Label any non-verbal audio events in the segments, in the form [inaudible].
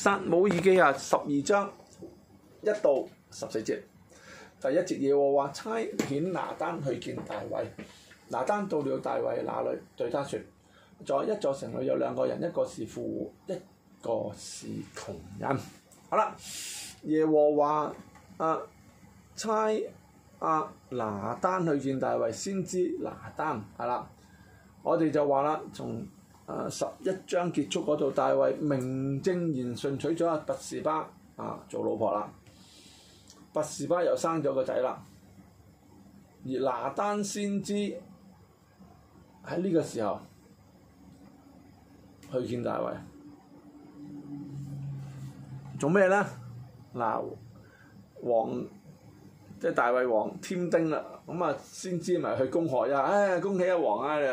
撒母耳記啊，十二章一到十四節，第一節耶和華差遣拿單去見大衛。拿單到了大衛那裏，對他説：在一座城裏有兩個人，一個是富戶，一個是窮人。好啦，耶和華阿、啊、差阿、啊、拿單去見大衛，先知拿單係啦。我哋就話啦，從啊、十一章結束嗰度，大衛名正言順娶咗阿拔士巴啊做老婆啦。拔士巴又生咗個仔啦。而拿單先知喺呢個時候去見大衛，做咩咧？嗱、啊，王即係大衛王添丁啦，咁啊先知咪去恭賀一下，唉，恭喜阿、啊哎、王啊！又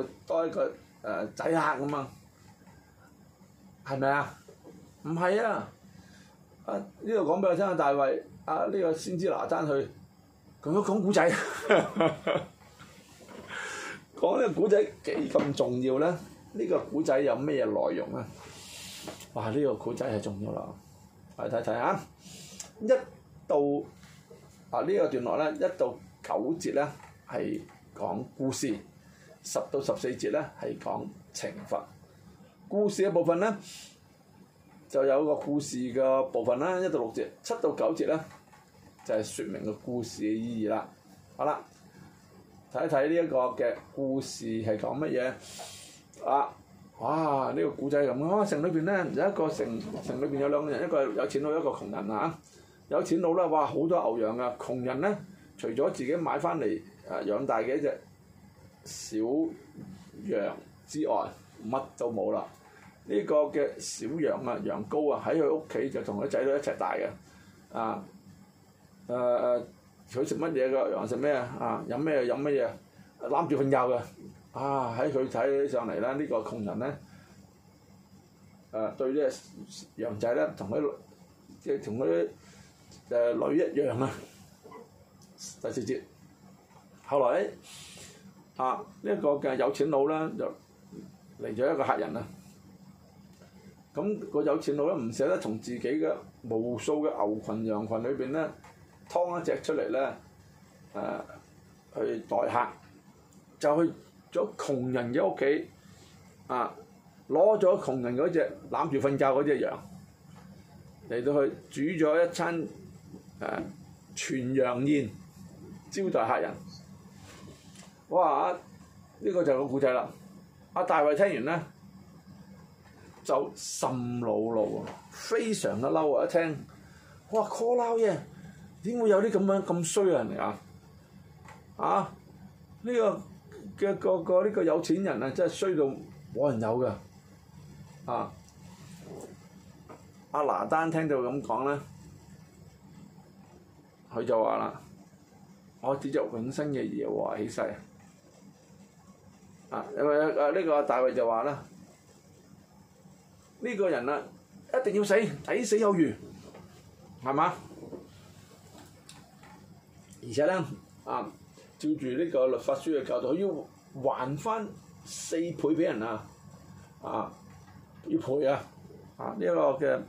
又多一個。誒、呃、仔客咁啊，係咪啊？唔係啊！啊呢度講俾我聽下大衛啊呢、這個先知拿單去咁樣講古仔，講 [laughs] 呢個古仔幾咁重要咧？呢、這個古仔有咩內容咧？哇！呢、這個古仔係重要啦，嚟睇睇下。一到啊呢、這個段落咧，一到九節咧係講故事。十到十四節咧係講懲罰，故事嘅部分咧就有個故事嘅部分啦，一到六節，七到九節咧就係説明個故事嘅意義啦。好啦，睇一睇呢一個嘅故事係講乜嘢啊？哇！呢個古仔咁啊，城裏邊咧有一個城，城裏邊有兩個人，一個係有錢佬，一個窮人啊。有錢佬咧，哇，好多牛羊啊！窮人咧，除咗自己買翻嚟誒養大嘅一隻小羊之外，乜都冇啦。呢個嘅小羊，羊啊，羊羔啊，喺佢屋企就同佢仔女一齊大嘅。啊，誒誒，佢食乜嘢嘅？羊食咩啊？啊，飲咩飲乜嘢？攬住瞓覺嘅。啊，喺佢睇起上嚟咧，呢個窮人咧，誒對呢啲羊仔咧，同佢即係同嗰啲誒女一樣啊。第四節，後來啊！呢、這、一個嘅有錢佬咧，就嚟咗一個客人啊！咁、那個有錢佬咧，唔捨得從自己嘅無數嘅牛群羊群裏邊咧，劏一隻出嚟咧，誒、啊、去待客，就去咗窮人嘅屋企，啊，攞咗窮人嗰隻攬住瞓覺嗰隻羊，嚟到去煮咗一餐誒、啊、全羊宴招待客人。我話呢個就係個故仔啦！阿、啊、大衞聽完咧，就甚惱怒啊，非常嘅嬲啊！一聽，我話 call 嘩嘢，點會有啲咁樣咁衰嘅人嚟啊？啊！呢、這個嘅、這個、這個呢、這個有錢人啊，真係衰到冇人有㗎啊！阿、啊、拿單聽到咁講咧，佢就話啦：我只只永生嘅耶和華起誓。啊！因為誒呢個大衞就話啦，呢、這個人啊，一定要死，抵死有餘，係嘛？而且咧，啊照住呢個律法書嘅教導，佢要還翻四倍俾人啊！啊要賠啊！啊呢、這個嘅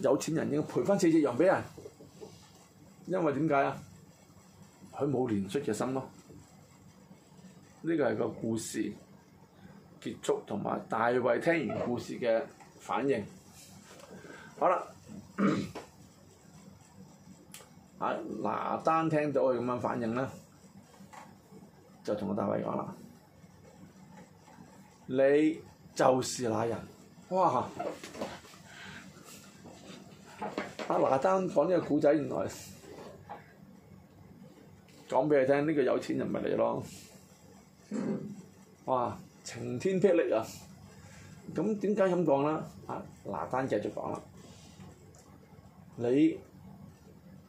有錢人要賠翻四隻羊俾人，因為點解啊？佢冇憐恤嘅心咯。呢個係個故事結束同埋大衛聽完故事嘅反應。好啦，阿拿單聽到佢咁樣反應咧，就同個大衛講啦：你就是那人。哇！阿拿單講呢個古仔，原來講俾佢聽，呢個有錢人咪你咯。哇！晴天霹靂啊！咁點解咁講呢？啊，拿單繼續講啦。你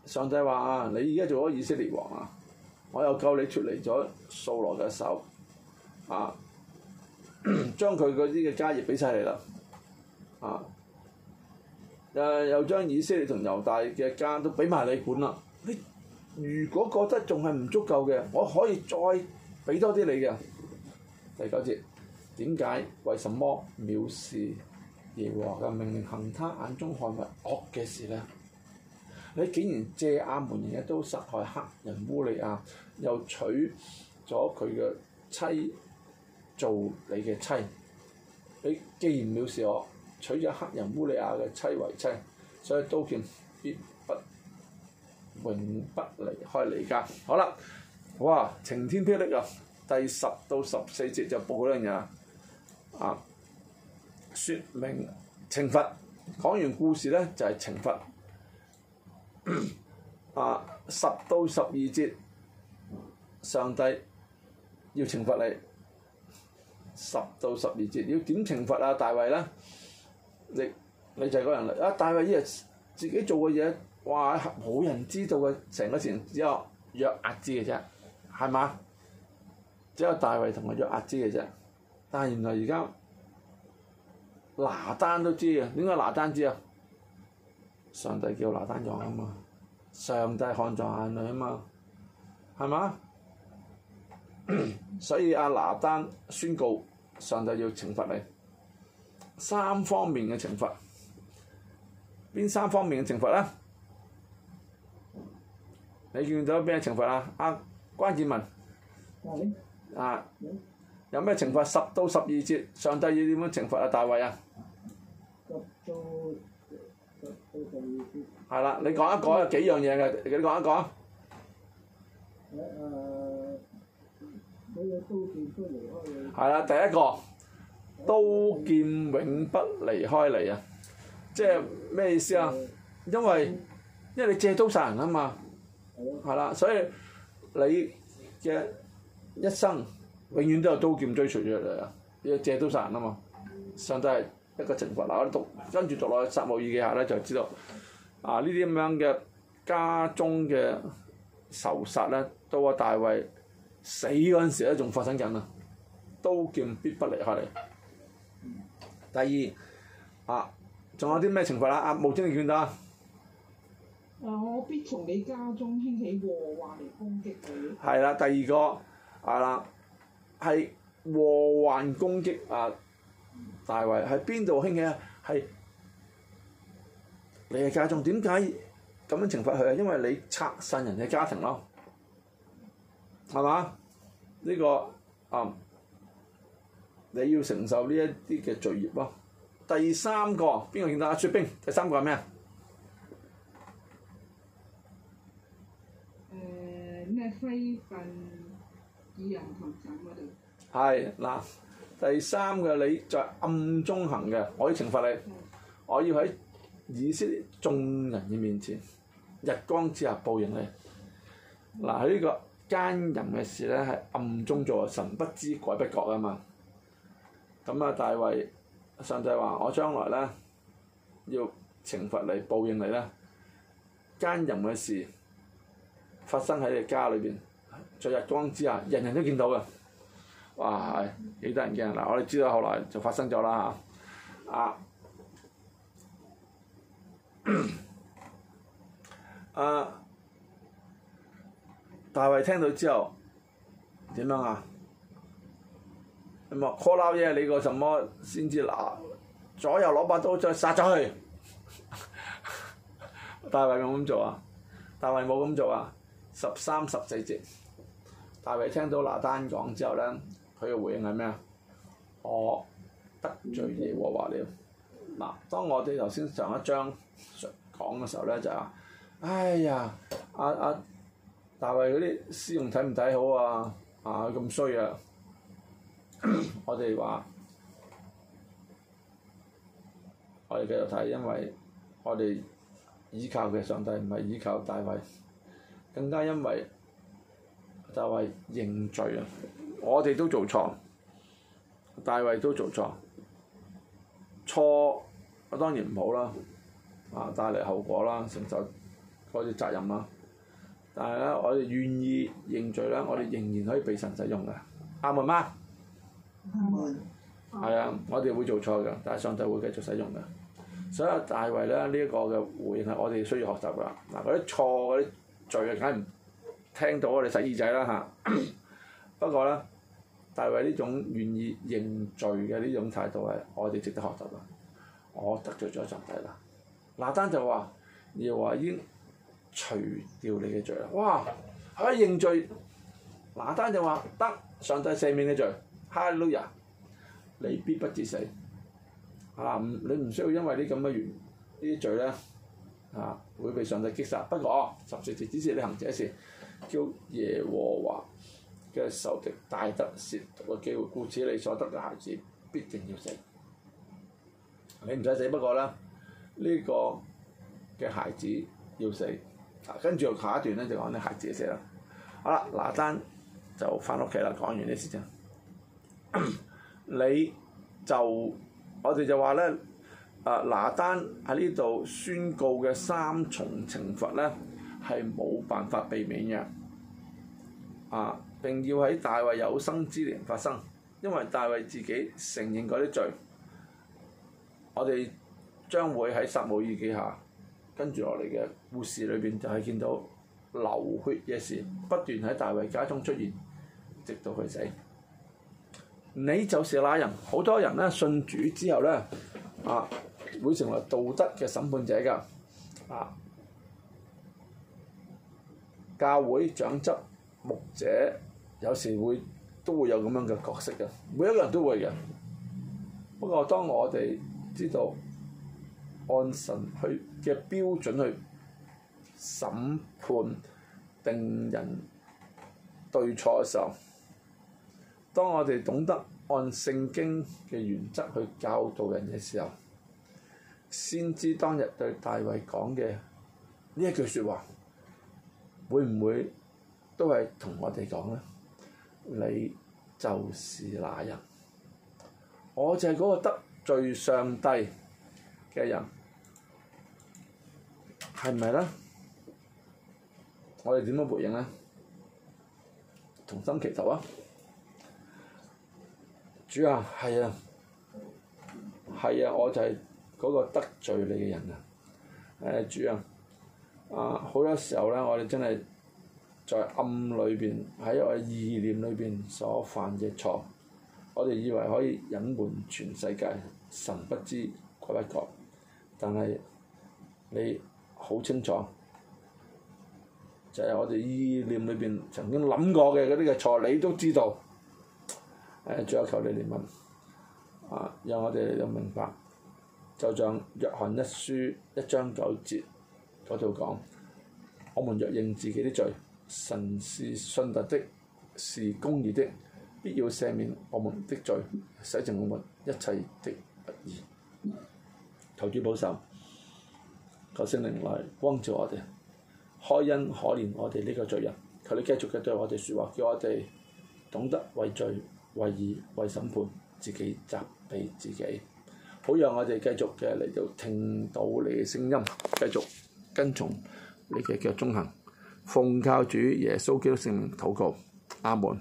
上帝話啊，你而家做咗以色列王啊，我又救你脫離咗掃羅嘅手啊，將佢嗰啲嘅家業俾晒你啦啊！又將以色列同猶大嘅家都俾埋你管啦。你如果覺得仲係唔足夠嘅，我可以再。俾多啲你嘅第九節，點解為什麼藐視耶和華嘅命令，行他眼中看為惡嘅事呢？你竟然借亞捫人嘅刀殺害赫人烏利亞，又娶咗佢嘅妻做你嘅妻。你既然藐視我，娶咗赫人烏利亞嘅妻為妻，所以刀劍必不永不離開你家。好啦。哇！晴天霹靂啊！第十到十四節就報嗰樣嘢啊！説明懲罰。講完故事咧就係懲罰。啊，十到十二節，上帝要懲罰你。十到十二節要點懲罰啊？大衛啦，你你就係嗰個人啦。啊，大衛呢，啊自己做嘅嘢，哇！冇人知道嘅，成個城，只有約押知嘅啫。係嘛？只有大衛同埋約押知嘅啫，但係原來而家拿單都知啊，點解拿單知啊？上帝叫拿單撞啊嘛，上帝看在眼裏啊嘛，係嘛？所以阿、啊、拿單宣告上帝要懲罰你，三方面嘅懲罰，邊三方面嘅懲罰咧？你見到咩懲罰啊？阿關鍵問，啊，有咩懲罰？十到十二節，上帝要點樣懲罰啊？大衛啊？十到十二節。係啦，你講一講有、嗯、幾樣嘢嘅？你講一講。係啦、啊，第一個刀劍永不離開你啊！即係咩意思啊？嗯、因為因為你借刀殺人啊嘛，係啦、嗯，所以。你嘅一生永遠都有刀劍追隨咗你啊！因為借刀殺人啊嘛！相當係一個懲罰。嗱，我哋讀跟住讀落去撒母耳記下咧，就知道啊呢啲咁樣嘅家中嘅仇殺咧，到阿大衛死嗰陣時咧，仲發生緊啊！刀劍必不離開你。第二啊，仲有啲咩懲罰啊？阿無尊你見到啊！我必從你家中興起禍患嚟攻擊你。係啦，第二個啊，係禍患攻擊啊，大衛喺邊度興起啊？係你嘅家中，點解咁樣懲罰佢啊？因為你拆散人嘅家庭咯，係嘛？呢、這個啊，你要承受呢一啲嘅罪孽咯。第三個邊個見到阿雪冰，第三個係咩啊？西係嗱第三個你在暗中行嘅，我要懲罰你，的我要喺以色列眾人嘅面前日光之下報應你。嗱喺呢個奸淫嘅事咧，係暗中做，神不知鬼不覺啊嘛。咁啊，大衛上帝話：我將來咧要懲罰你報應你啦，奸淫嘅事。發生喺你家裏邊，在日光之下，人人都見到嘅。哇，係幾得人驚！嗱，我哋知道後來就發生咗啦嚇。啊，阿、啊、大衛聽到之後點樣啊？你冇 call 撈嘢，你個什麼先知拿、啊、左右攞把刀再殺咗佢。 [laughs] 大衛有冇咁做啊？大衛冇咁做啊？十三、十四節，大衛聽到拿單講之後咧，佢嘅回應係咩啊？我、oh, 得罪耶和華了。嗱、啊，當我哋頭先上一章講嘅時候咧，就話、是：哎呀，阿、啊、阿、啊、大衛嗰啲詩用睇唔睇好啊？啊，咁衰啊！我哋話，我哋繼續睇，因為我哋依靠嘅上帝唔係依靠大衛。更加因為就係認罪啊！我哋都做錯，大衞都做錯，錯我當然唔好啦，啊帶嚟後果啦，承受嗰啲責任啦。但係咧，我哋願意認罪咧，我哋仍然可以被神使用嘅。阿門嘛，阿 [noise] 門，係啊吧， [noise] 我哋會做錯嘅，但係上帝會繼續使用嘅。所以大衞咧呢一個嘅回應係我哋需要學習㗎。嗱，嗰啲錯啲。罪啊，梗係唔聽到我哋洗耳仔啦嚇。不過咧，大衛呢種願意認罪嘅呢種態度係我哋值得學習啦。我得罪咗上帝啦，拿單就話要話已經除掉你嘅罪啊！哇，佢認罪，拿單就話得，上帝赦免你罪，Hallelujah 你必不至死，係、啊、你唔需要因為呢咁嘅罪呢？啊！會被上帝擊殺。不過十四節，指示你行這事，叫耶和華嘅仇敵大得褻瀆嘅機會。故此，你所得嘅孩子必定要死。你唔使死，不過啦，呢、呢個嘅孩子要死。嗱、啊，跟住下一段咧就講啲孩子死啦。好啦，拿單就翻屋企啦。講完啲事情， [coughs] 你就我哋就話咧。啊，拿單喺呢度宣告嘅三重懲罰咧，係冇辦法避免嘅，啊，並要喺大衛有生之年發生，因為大衛自己承認嗰啲罪，我哋將會喺實無預計下，跟住落嚟嘅故事裏邊就係見到流血嘅事不斷喺大衛家中出現，直到佢死。你就是那人，好多人咧信主之後咧，啊～會成為道德嘅審判者㗎，啊！教會長執牧者有時會都會有咁樣嘅角色嘅，每一個人都會嘅。不過當我哋知道按神去嘅標準去審判定人對錯嘅時候，當我哋懂得按聖經嘅原則去教導人嘅時候。先知當日對大衛講嘅呢一句説話，會唔會都係同我哋講咧？你就是那人，我就係嗰個得罪上帝嘅人，係唔係咧？我哋點樣回應咧？同心祈求啊！主啊，係啊，係啊，我就係、是。嗰個得罪你嘅人啊！誒主啊！啊好多時候咧，我哋真係在暗裏邊喺我意念裏邊所犯嘅錯，我哋以為可以隱瞞全世界，神不知鬼不覺，但係你好清楚，就係我哋意念裏邊曾經諗過嘅嗰啲嘅錯，你都知道。誒主啊，求你嚟問啊，讓我哋都明白。就像約翰一書一章九節嗰度講：我們若認自己的罪，神是信實的，是公義的，必要赦免我們的罪，洗淨我們一切的不義。求主保守，求聖靈來光照我哋，開恩可憐我哋呢個罪人。求你繼續嘅對我哋説話，叫我哋懂得為罪、為義、為審判，自己責備自己。好，讓我哋繼續嘅嚟到聽到你嘅聲音，繼續跟從你嘅腳蹤行，奉靠主耶穌基督聖名禱告，阿門。